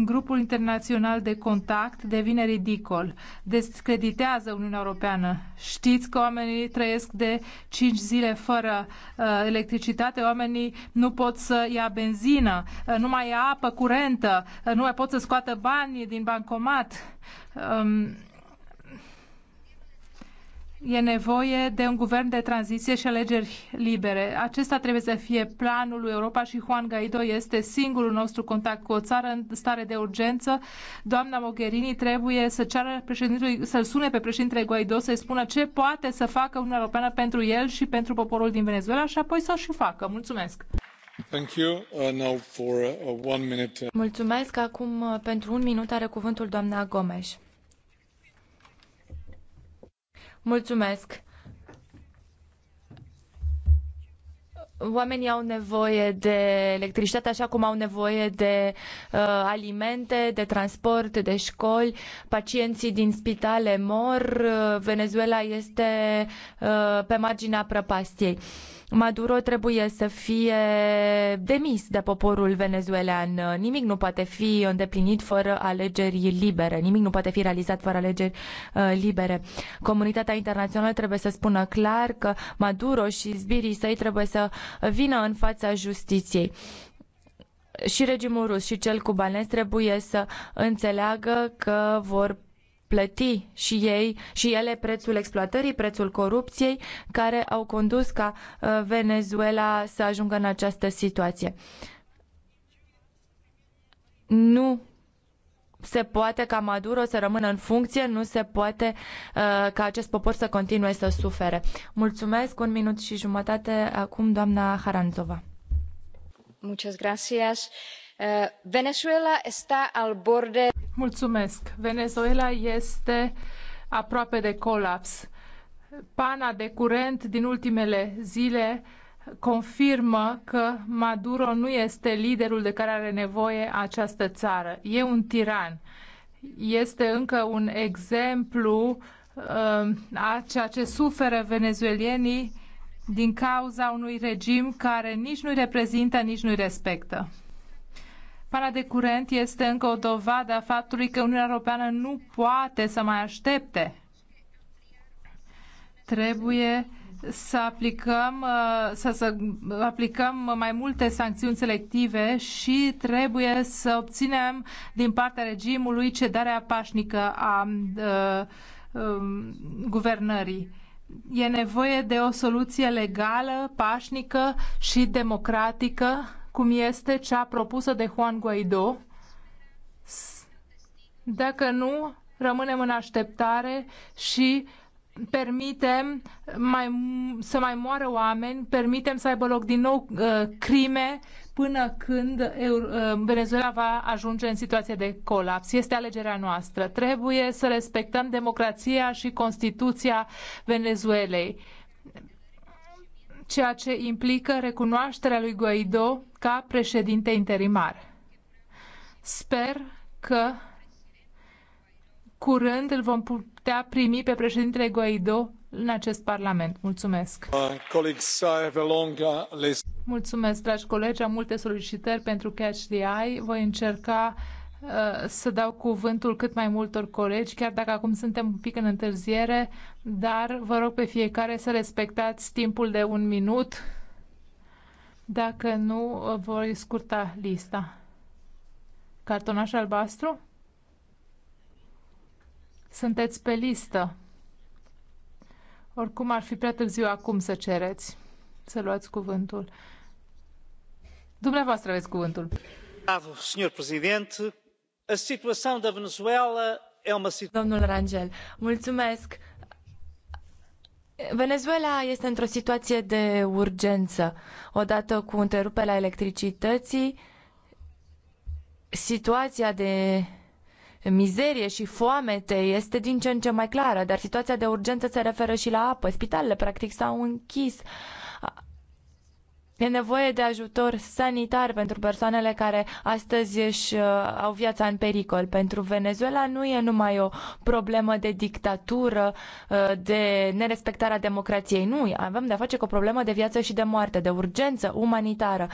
grupul internațional de contact devine ridicol, descreditează Uniunea Europeană. Știți că oamenii trăiesc de 5 zile fără uh, electricitate, oamenii nu pot să ia benzină, uh, nu mai ia apă curentă, uh, nu mai pot să scoată bani din bancomat. Um, e nevoie de un guvern de tranziție și alegeri libere. Acesta trebuie să fie planul lui Europa și Juan Guaido este singurul nostru contact cu o țară în stare de urgență. Doamna Mogherini trebuie să ceară președintelui, să-l sune pe președintele Guaido să-i spună ce poate să facă Uniunea Europeană pentru el și pentru poporul din Venezuela și apoi să o și facă. Mulțumesc! Thank you. Uh, now for, uh, one minute. Uh. Mulțumesc. Acum uh, pentru un minut are cuvântul doamna Gomes Mulțumesc! Oamenii au nevoie de electricitate așa cum au nevoie de uh, alimente, de transport, de școli. Pacienții din spitale mor. Venezuela este uh, pe marginea prăpastiei. Uh, Maduro trebuie să fie demis de poporul venezuelan. Nimic nu poate fi îndeplinit fără alegeri libere, nimic nu poate fi realizat fără alegeri uh, libere. Comunitatea internațională trebuie să spună clar că Maduro și zbirii săi trebuie să vină în fața justiției și regimul rus și cel cubanez trebuie să înțeleagă că vor plăti și ei și ele prețul exploatării, prețul corupției care au condus ca uh, Venezuela să ajungă în această situație. Nu se poate ca Maduro să rămână în funcție, nu se poate uh, ca acest popor să continue să sufere. Mulțumesc, un minut și jumătate acum, doamna Haranzova. Muchas gracias. Uh, Venezuela está al borde Mulțumesc. Venezuela este aproape de colaps. Pana de curent din ultimele zile confirmă că Maduro nu este liderul de care are nevoie această țară. E un tiran. Este încă un exemplu uh, a ceea ce suferă venezuelienii din cauza unui regim care nici nu-i reprezintă, nici nu-i respectă. Scăparea de curent este încă o dovadă a faptului că Uniunea Europeană nu poate să mai aștepte. Trebuie să aplicăm, uh, să, să aplicăm mai multe sancțiuni selective și trebuie să obținem din partea regimului cedarea pașnică a, a, uh, a um, guvernării. E nevoie de o soluție legală, pașnică și democratică cum este cea propusă de Juan Guaido. Dacă nu, rămânem în așteptare și permitem mai, să mai moară oameni, permitem să aibă loc din nou uh, crime până când uh, Venezuela va ajunge în situație de colaps. Este alegerea noastră. Trebuie să respectăm democrația și Constituția Venezuelei ceea ce implică recunoașterea lui Guaido ca președinte interimar. Sper că curând îl vom putea primi pe președintele Guaido în acest Parlament. Mulțumesc! Mulțumesc, dragi colegi, am multe solicitări pentru Catch the Eye. Voi încerca Uh, să dau cuvântul cât mai multor colegi, chiar dacă acum suntem un pic în întârziere, dar vă rog pe fiecare să respectați timpul de un minut. Dacă nu, uh, voi scurta lista. Cartonaș albastru? Sunteți pe listă. Oricum ar fi prea târziu acum să cereți, să luați cuvântul. Dumneavoastră aveți cuvântul. Bravo, signor președinte. Da Domnule Rangel, mulțumesc. Venezuela este într-o situație de urgență. Odată cu întreruperea electricității, situația de mizerie și foamete este din ce în ce mai clară, dar situația de urgență se referă și la apă. Spitalele, practic, s-au închis. E nevoie de ajutor sanitar pentru persoanele care astăzi își uh, au viața în pericol. Pentru Venezuela nu e numai o problemă de dictatură, uh, de nerespectarea democrației. Nu, avem de-a face cu o problemă de viață și de moarte, de urgență umanitară.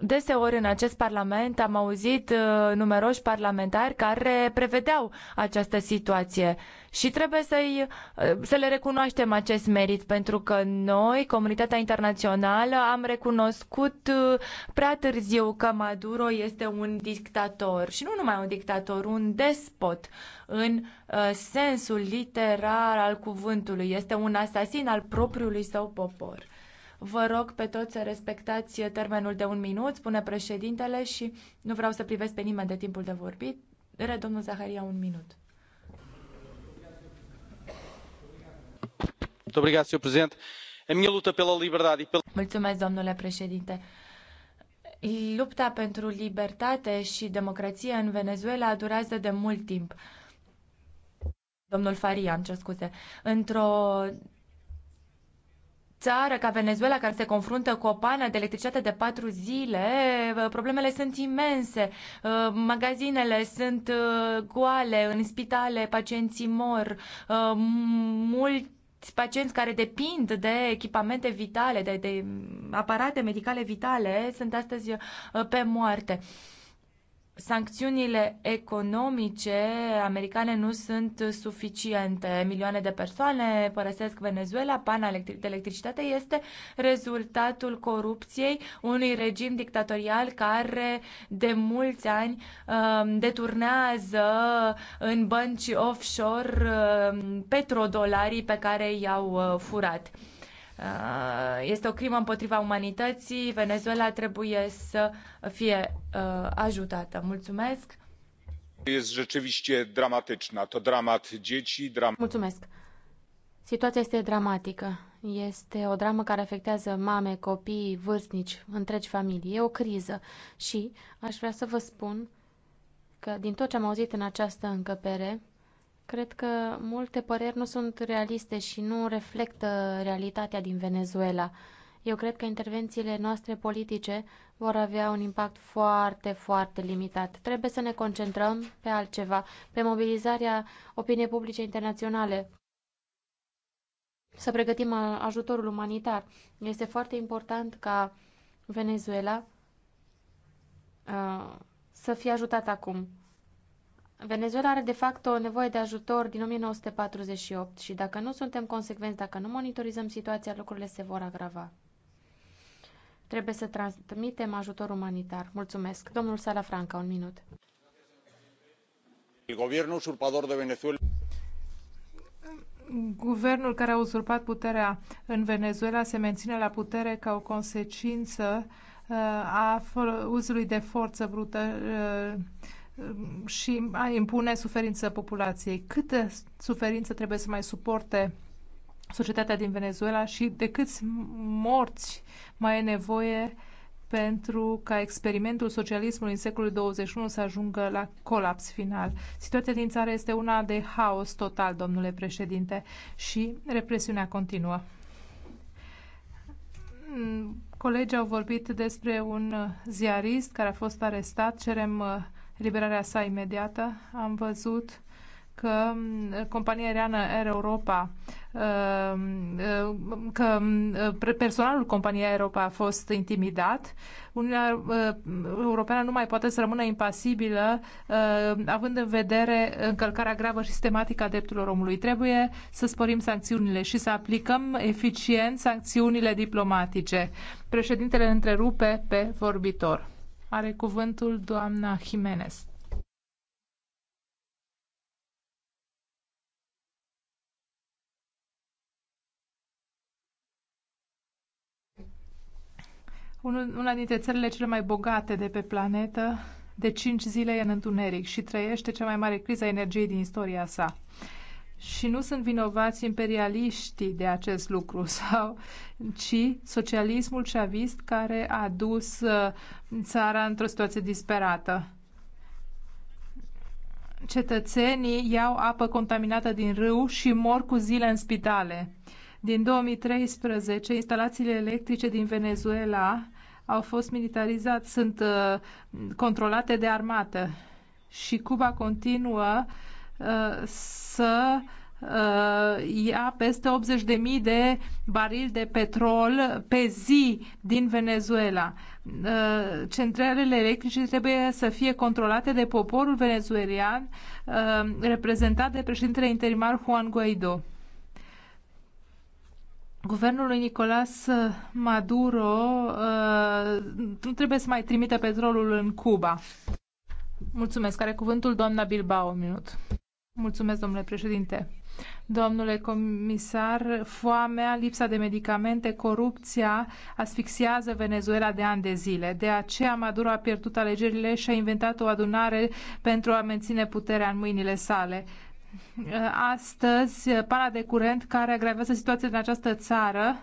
Deseori în acest parlament am auzit uh, numeroși parlamentari care prevedeau această situație și trebuie să-i, uh, să le recunoaștem acest merit pentru că noi, comunitatea internațională, am recunoscut uh, prea târziu că Maduro este un dictator și nu numai un dictator, un despot în sensul literar al cuvântului. Este un asasin al propriului său popor. Vă rog pe toți să respectați termenul de un minut, spune președintele, și nu vreau să privesc pe nimeni de timpul de vorbit. Re, domnul Zaharia, un minut. Mulțumesc, domnule președinte. Lupta pentru libertate și democrație în Venezuela durează de mult timp. Domnul Faria, am cer scuze. Într-o țară ca Venezuela, care se confruntă cu o pană de electricitate de patru zile, uh, problemele sunt imense. Uh, magazinele sunt uh, goale, în spitale pacienții mor, mult pacienți care depind de echipamente vitale, de, de aparate medicale vitale, sunt astăzi pe moarte. Uh, sancțiunile economice americane nu sunt suficiente. Milioane de persoane părăsesc Venezuela, pana de electricitate este rezultatul corupției unui regim dictatorial care de mulți ani um, deturnează în bănci offshore um, petrodolarii pe care i-au uh, furat. Este o crimă împotriva umanității. Venezuela trebuie să fie uh, ajutată. Mulțumesc. Este rzeczywiście dramatyczna. To dramat dzieci, dramat. Mulțumesc. Situația este dramatică. Este o dramă care afectează mame, copii, vârstnici, întregi familii. E o criză și aș vrea să vă spun că din tot ce am auzit în această încăpere, Cred că multe păreri nu sunt realiste și nu reflectă realitatea din Venezuela. Eu cred că intervențiile noastre politice vor avea un impact foarte, foarte limitat. Trebuie să ne concentrăm pe altceva, pe mobilizarea opiniei publice internaționale, să pregătim ajutorul umanitar. Este foarte important ca Venezuela uh, să fie ajutat acum. Venezuela are de fapt o nevoie de ajutor din 1948 și dacă nu suntem consecvenți, dacă nu monitorizăm situația, lucrurile se vor agrava. Trebuie să transmitem ajutor umanitar. Mulțumesc. Domnul Salafranca, un minut. Guvernul care a uzurpat puterea în Venezuela se menține la putere ca o consecință uh, a uzului de forță brută uh, și a impune suferință populației. Câtă suferință trebuie să mai suporte societatea din Venezuela și de câți morți mai e nevoie pentru ca experimentul socialismului în secolul 21 să ajungă la colaps final. Situația din țară este una de haos total, domnule președinte, și represiunea continuă. Colegii au vorbit despre un ziarist care a fost arestat. Cerem uh, eliberarea sa imediată, am văzut că mm, compania aeriană Air Europa, ehm, ehm, că mm, personalul companiei Air Europa a fost intimidat. Uniunea ehm, Europeană nu mai poate să rămână impasibilă, având în vedere încălcarea gravă și sistematică a drepturilor omului. Trebuie să sporim sancțiunile și să aplicăm eficient sancțiunile diplomatice. Președintele întrerupe pe vorbitor. Are cuvântul doamna Jimenez. Una dintre țările cele mai bogate de pe planetă, de 5 zile e în întuneric și trăiește cea mai mare criză a energiei din istoria sa și nu sunt vinovați imperialiștii de acest lucru, sau, ci socialismul chavist care a dus uh, țara într-o situație disperată. Cetățenii iau apă contaminată din râu și mor cu zile în spitale. Din 2013, instalațiile electrice din Venezuela au fost militarizate, sunt uh, controlate de armată și Cuba continuă uh, să uh, ia peste 80.000 de barili de petrol pe zi din Venezuela. Uh, centralele electrice trebuie să fie controlate de poporul venezuelian uh, reprezentat de președintele interimar Juan Guaido. Guvernul lui Nicolas Maduro nu trebuie să mai trimite petrolul în Cuba. Mulțumesc. Are cuvântul doamna Bilbao, un minut. Mulțumesc, domnule președinte. Domnule comisar, foamea, lipsa de medicamente, corupția asfixiază Venezuela de ani de zile. De aceea Maduro a pierdut alegerile și a inventat o adunare pentru a menține puterea în mâinile sale. Astăzi, para de curent care agravează situația din această țară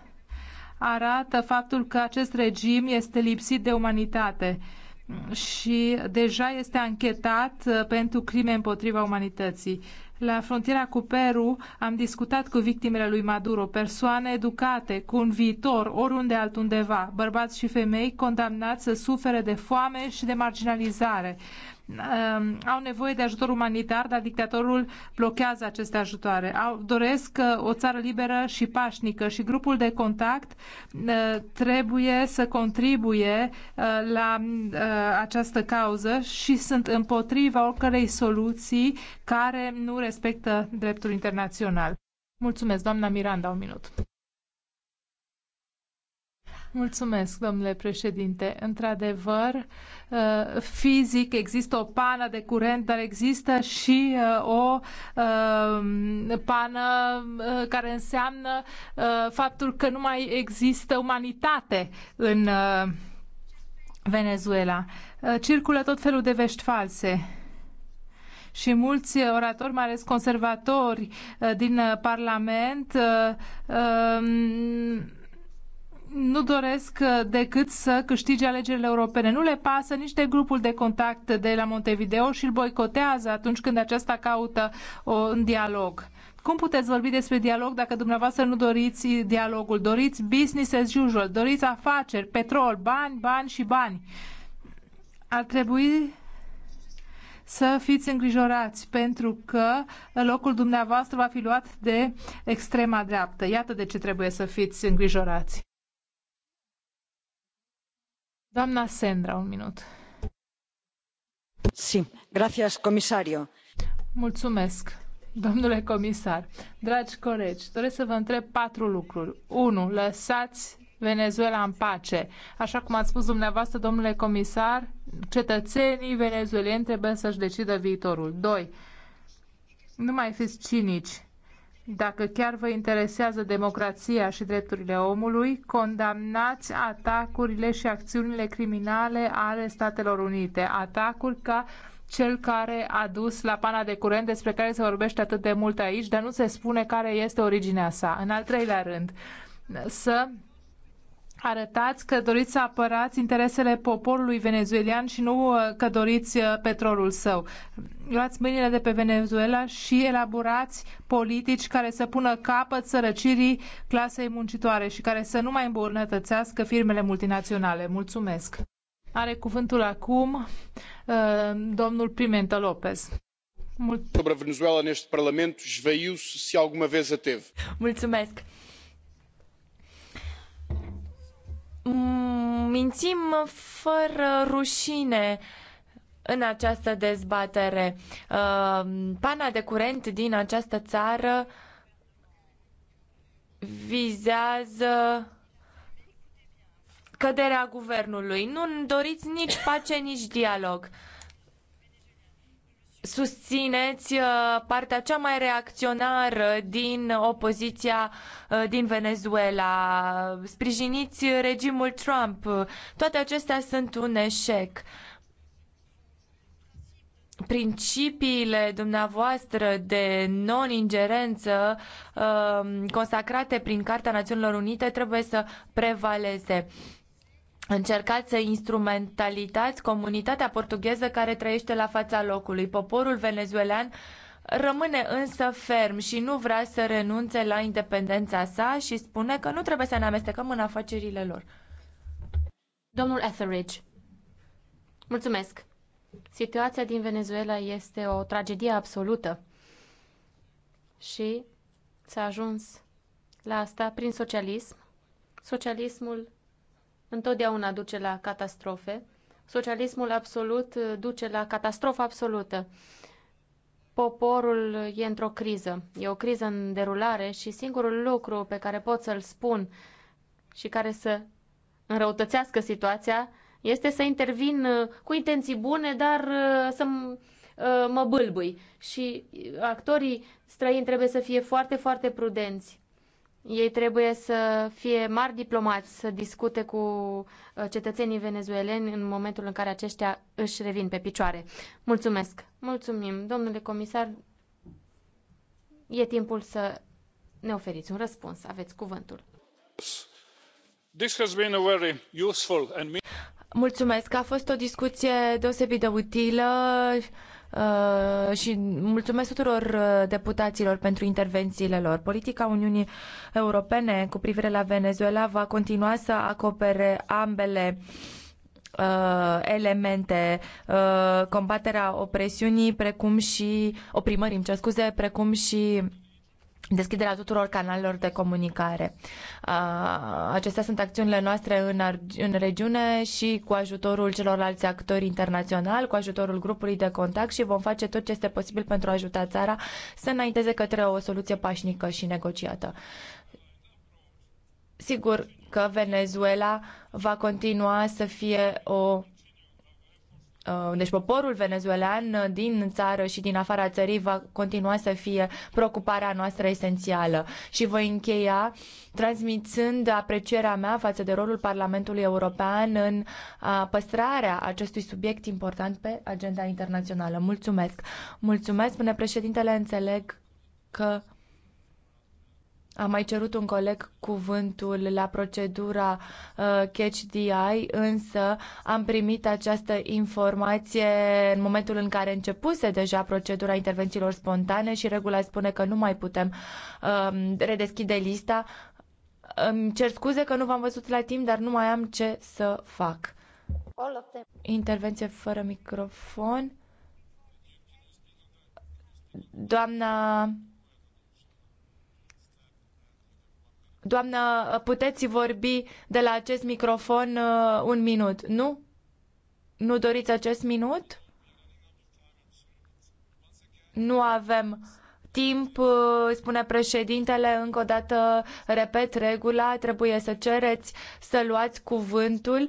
arată faptul că acest regim este lipsit de umanitate și deja este anchetat uh, pentru crime împotriva umanității. La frontiera cu Peru am discutat cu victimele lui Maduro, persoane educate, cu un viitor, oriunde altundeva, bărbați și femei condamnați să sufere de foame și de marginalizare. Ehm, au nevoie de ajutor umanitar, dar dictatorul blochează aceste ajutoare. Au, doresc uh, o țară liberă și pașnică și grupul de contact uh, trebuie să contribuie uh, la această cauză și sunt împotriva oricărei soluții care nu respectă dreptul internațional. Mulțumesc, doamna Miranda, un minut. Mulțumesc, domnule președinte. Într-adevăr, uh, fizic există o pană de curent, dar există și uh, o uh, pană care înseamnă faptul că nu mai există umanitate în Venezuela. Circulă tot felul de vești false și mulți oratori, mai ales conservatori din Parlament, um, nu doresc uh, decât să câștige alegerile europene. Nu le pasă nici de grupul de contact de la Montevideo și îl boicotează atunci când aceasta caută un dialog. Cum puteți vorbi despre dialog dacă dumneavoastră nu doriți dialogul? Doriți business as usual, doriți afaceri, petrol, bani, bani și bani. Ar trebui să fiți îngrijorați pentru că locul dumneavoastră va fi luat de extrema dreaptă. Iată de ce trebuie să fiți îngrijorați. Doamna sandra un minut. Sí, gracias, comisario. Mulțumesc. Domnule comisar, dragi colegi, doresc să vă întreb patru lucruri. Unu, Lăsați Venezuela în pace. Așa cum ați spus dumneavoastră, domnule comisar, cetățenii venezuelieni trebuie să-și decidă viitorul. Doi, Nu mai fiți cinici dacă chiar vă interesează democrația și drepturile omului, condamnați atacurile și acțiunile criminale ale Statelor Unite, atacuri ca cel care a dus la pana de curent despre care se vorbește atât de mult aici, dar nu se spune care este originea sa. În al treilea rând, să arătați că doriți să apărați interesele poporului venezuelian și nu uh, că doriți uh, petrolul său. Luați mâinile de pe Venezuela și elaborați politici care să pună capăt sărăcirii clasei muncitoare și care să nu mai îmbunătățească firmele multinaționale. Mulțumesc! Are cuvântul acum uh, domnul Pimenta Lopez. Mult... Sobre Venezuela neste Parlamento, esveiu-se se alguma vez a teve. Mulțumesc! mințim fără rușine în această dezbatere. Uh, pana de curent din această țară vizează căderea guvernului. Nu doriți nici pace, nici dialog susțineți uh, partea cea mai reacționară din opoziția uh, din Venezuela, sprijiniți regimul Trump. Toate acestea sunt un eșec. Principiile dumneavoastră de non-ingerență uh, consacrate prin Carta Națiunilor Unite trebuie să prevaleze. Încercați să instrumentalizați comunitatea portugheză care trăiește la fața locului. Poporul venezuelan rămâne însă ferm și nu vrea să renunțe la independența sa și spune că nu trebuie să ne amestecăm în afacerile lor. Domnul Etheridge, mulțumesc. Situația din Venezuela este o tragedie absolută și s-a ajuns la asta prin socialism. Socialismul întotdeauna duce la catastrofe. Socialismul absolut uh, duce la catastrofă absolută. Poporul e într-o criză. E o criză în derulare și singurul lucru pe care pot să-l spun și care să înrăutățească situația este să intervin uh, cu intenții bune, dar uh, să mă bâlbui. Și actorii străini trebuie să fie foarte, foarte prudenți ei trebuie să fie mari diplomați, să discute cu uh, cetățenii venezueleni în momentul în care aceștia își revin pe picioare. Mulțumesc! Mulțumim, domnule comisar. E timpul să ne oferiți un răspuns. Aveți cuvântul. This has been a very useful and... Mulțumesc! A fost o discuție deosebit de utilă. Uh, și mulțumesc tuturor uh, deputaților pentru intervențiile lor. Politica Uniunii Europene cu privire la Venezuela va continua să acopere ambele uh, elemente, combaterea opresiunii, precum și oprimării, îmi cer scuze, precum și deschiderea tuturor canalelor de comunicare. Acestea sunt acțiunile noastre în, în regiune și cu ajutorul celorlalți actori internaționali, cu ajutorul grupului de contact și vom face tot ce este posibil pentru a ajuta țara să înainteze către o soluție pașnică și negociată. Sigur că Venezuela va continua să fie o Uh, deci poporul venezuelan uh, din țară și din afara țării va continua să fie preocuparea noastră esențială. Și voi încheia transmițând aprecierea mea față de rolul Parlamentului European în uh, păstrarea acestui subiect important pe agenda internațională. Mulțumesc! Mulțumesc, până președintele, înțeleg că a mai cerut un coleg cuvântul la procedura uh, Catch the Eye, însă am primit această informație în momentul în care începuse deja procedura intervențiilor spontane și regula spune că nu mai putem uh, redeschide lista. Îmi cer scuze că nu v-am văzut la timp, dar nu mai am ce să fac. Intervenție fără microfon. Doamna Doamnă, puteți vorbi de la acest microfon uh, un minut, nu? Nu doriți acest minut? Nu avem timp, uh, spune președintele, încă o dată repet regula, trebuie să cereți să luați cuvântul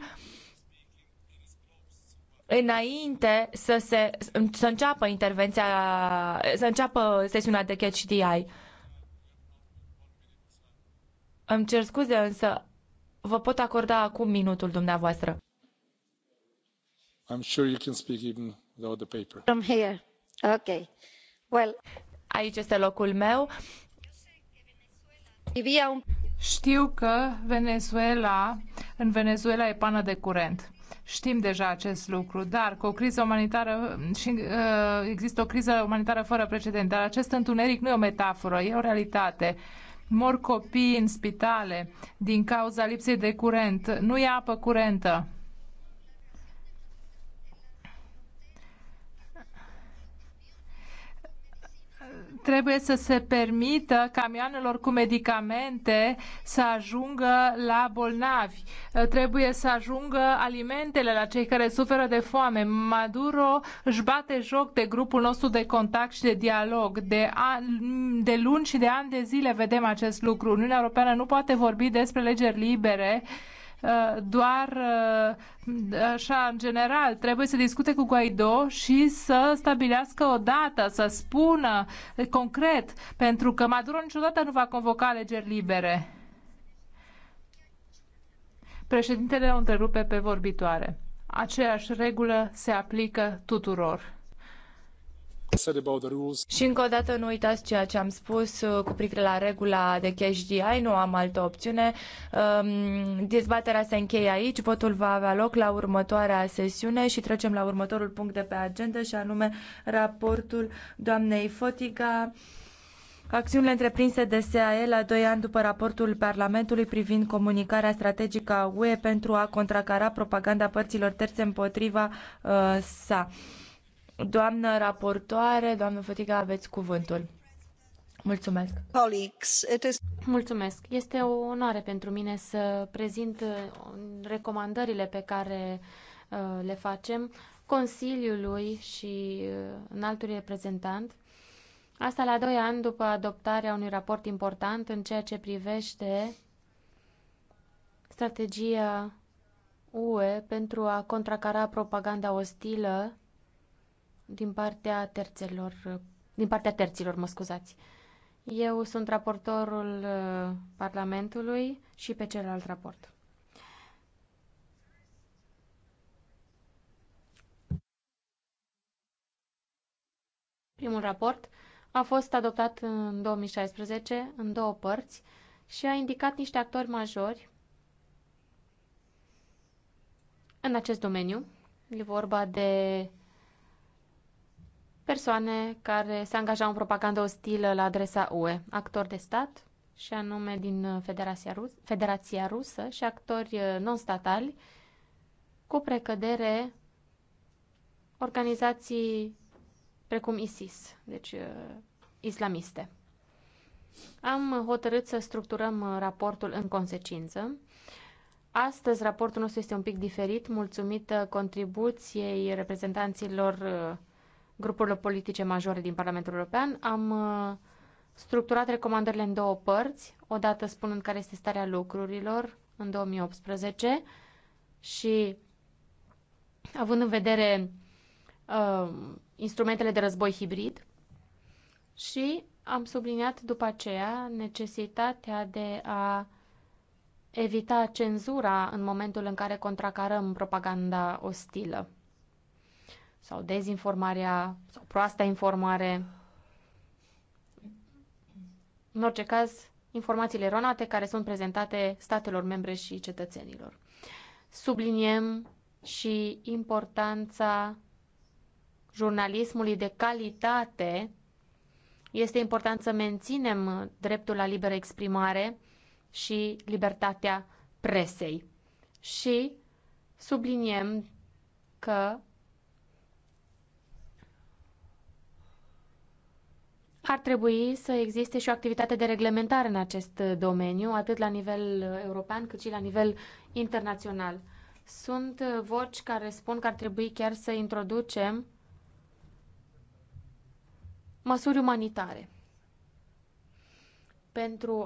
înainte să, se, să înceapă intervenția, să înceapă sesiunea de catch DI. Îmi cer scuze, însă vă pot acorda acum minutul dumneavoastră. I'm sure you can speak even without the paper. From here. Okay. Well. Aici este locul meu. Știu că Venezuela, în Venezuela e pană de curent. Știm deja acest lucru, dar cu o criză umanitară și uh, există o criză umanitară fără precedent, dar acest întuneric nu e o metaforă, e o realitate. Uh, mor copii în spitale din cauza lipsei de curent. Nu e apă curentă. trebuie să se permită camioanelor cu medicamente să ajungă la bolnavi. Trebuie să ajungă alimentele la cei care suferă de foame. Maduro își bate joc de grupul nostru de contact și de dialog. De, an, de luni și de ani de zile vedem acest lucru. Uniunea Europeană nu poate vorbi despre legeri libere Eh, doar eh, așa în general. Trebuie să discute cu Guaido și să stabilească o dată, să spună concret, pentru că Maduro niciodată nu va convoca alegeri libere. Președintele o întrerupe pe vorbitoare. Aceeași regulă se aplică tuturor. Și încă o dată nu uitați ceea ce am spus uh, cu privire la regula de cash DI, nu am altă opțiune. Um, dezbaterea se încheie aici, votul va avea loc la următoarea sesiune și trecem la următorul punct de pe agenda și anume raportul doamnei Fotiga. Acțiunile întreprinse de SAE la doi ani după raportul Parlamentului privind comunicarea strategică a UE pentru a contracara propaganda părților terțe împotriva uh, sa. Doamnă raportoare, doamnă Fătiga, aveți cuvântul. Mulțumesc. Mulțumesc. Este o onoare pentru mine să prezint uh, recomandările pe care uh, le facem Consiliului și uh, înaltului reprezentant. Asta la doi ani după adoptarea unui raport important în ceea ce privește strategia UE pentru a contracara propaganda ostilă din partea terțelor, din partea terților, mă scuzați. Eu sunt raportorul uh, Parlamentului și pe celălalt raport. Primul raport a fost adoptat în 2016 în două părți și a indicat niște actori majori în acest domeniu. E vorba de persoane care se angajau în propagandă ostilă la adresa UE, actori de stat și anume din uh, Federația, Rus- Federația Rusă și actori uh, non-statali cu precădere organizații precum ISIS, deci uh, islamiste. Am hotărât să structurăm raportul în consecință. Astăzi raportul nostru este un pic diferit, mulțumită contribuției reprezentanților grupurilor politice majore din Parlamentul European, am uh, structurat recomandările în două părți, odată spunând care este starea lucrurilor în 2018 și având în vedere uh, instrumentele de război hibrid și am subliniat după aceea necesitatea de a evita cenzura în momentul în care contracarăm propaganda ostilă sau dezinformarea sau proasta informare. În orice caz, informațiile eronate care sunt prezentate statelor membre și cetățenilor. Subliniem și importanța jurnalismului de calitate. Este important să menținem dreptul la liberă exprimare și libertatea presei. Și subliniem că Ar trebui să existe și o activitate de reglementare în acest domeniu, atât la nivel european cât și la nivel internațional. Sunt voci care spun că ar trebui chiar să introducem măsuri umanitare pentru